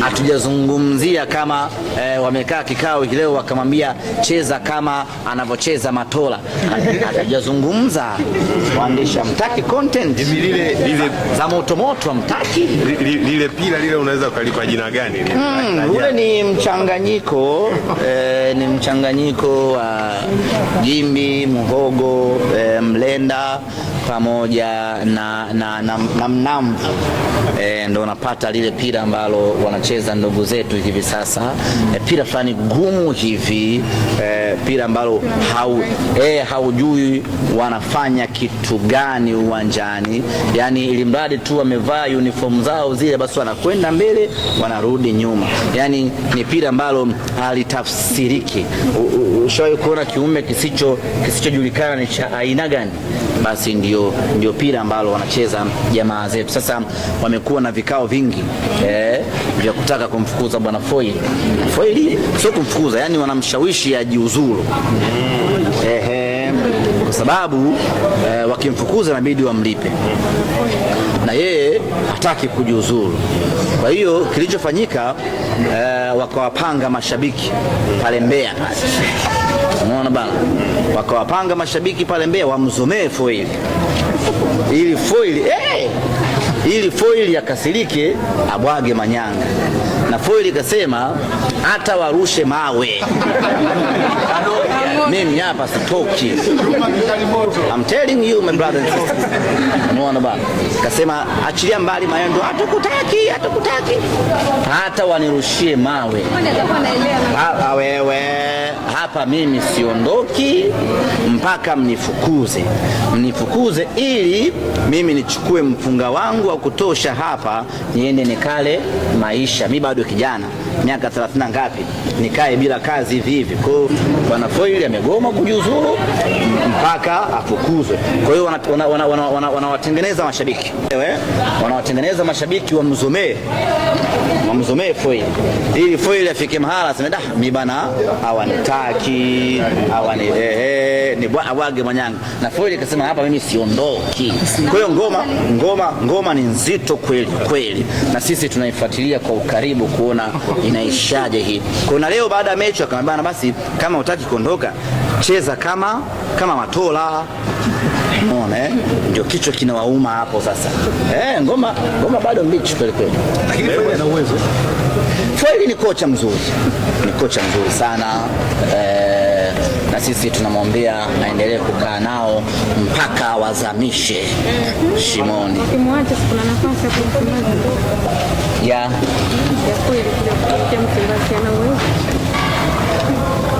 Hatujazungumzia kama e, wamekaa kikao leo wakamwambia cheza kama anavyocheza Matola. Hatujazungumza waandishi, hamtaki content lile lile za moto moto, hamtaki lile pila lile, unaweza ukalipa jina gani? Hmm, ule ni mchanganyiko e, ni mchanganyiko wa uh, jimbi, mhogo e, eh, mlenda pamoja na na na, na, e, ndo napata lile pira ambalo wanacheza ndugu zetu hivi sasa e, pira fulani gumu hivi e, pira ambalo hau, e, haujui wanafanya kitu gani uwanjani, yani ili mradi tu wamevaa uniform zao zile, basi wanakwenda mbele wanarudi nyuma, yani ni pira ambalo halitafsiriki. Ushawahi kuona kiumbe kisicho kisichojulikana ni cha aina gani? Basi ndio ndio, ndio pira ambalo wanacheza jamaa zetu. Sasa wamekuwa na vikao vingi eh, vya kutaka kumfukuza bwana Foil. Foil sio kumfukuza, yani wanamshawishi ajiuzuru eh, eh, kwa sababu eh, wakimfukuza inabidi wamlipe na yeye hataki kujiuzuru. Kwa hiyo kilichofanyika eh, wakawapanga mashabiki pale Mbeya kazi unaona bana, wakawapanga mashabiki pale Mbeya wamzomee foili ili foili eh! ili foili akasirike abwage manyanga, na foili ikasema hata warushe mawe mimi hapa sitoki. I'm telling you my brother and sister. Unaona bana, kasema achilia mbali mayendo, hatukutaki hatukutaki hata wanirushie mawe baba, wewe hapa mimi siondoki mpaka mnifukuze, mnifukuze ili mimi nichukue mfunga wangu wa kutosha hapa, niende nikale maisha. Mi bado kijana, miaka 30 ngapi, nikae bila kazi hivi hivi? Kwa hiyo bwana Foili amegoma kujiuzuru mpaka afukuzwe. Kwa hiyo wanawatengeneza mashabiki, wanawatengeneza mashabiki wamzomee, wamzomee akomee foil ili foili afike mahala aseme dah, mi bana awanitaki awani ehe ni eh, eh, bwana wage mwanyangu, na foil ikasema hapa mimi siondoki. Kwa hiyo ngoma, ngoma, ngoma ni nzito kweli kweli, na sisi tunaifuatilia kwa ukaribu kuona inaishaje hii. Kuna leo baada ya mechi akamwambia basi, kama utaki kuondoka cheza kama kama Matola unaona eh, ndio kichwa kinawauma hapo sasa eh, ngoma ngoma bado mbichi kweli kweli, lakini wewe una uwezo Fweli ni kocha mzuri, ni kocha mzuri sana eh, na sisi tunamwambia aendelee kukaa nao mpaka wazamishe shimoni nafasi ya Ya. Ya kweli yeah.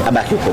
Abaki huko.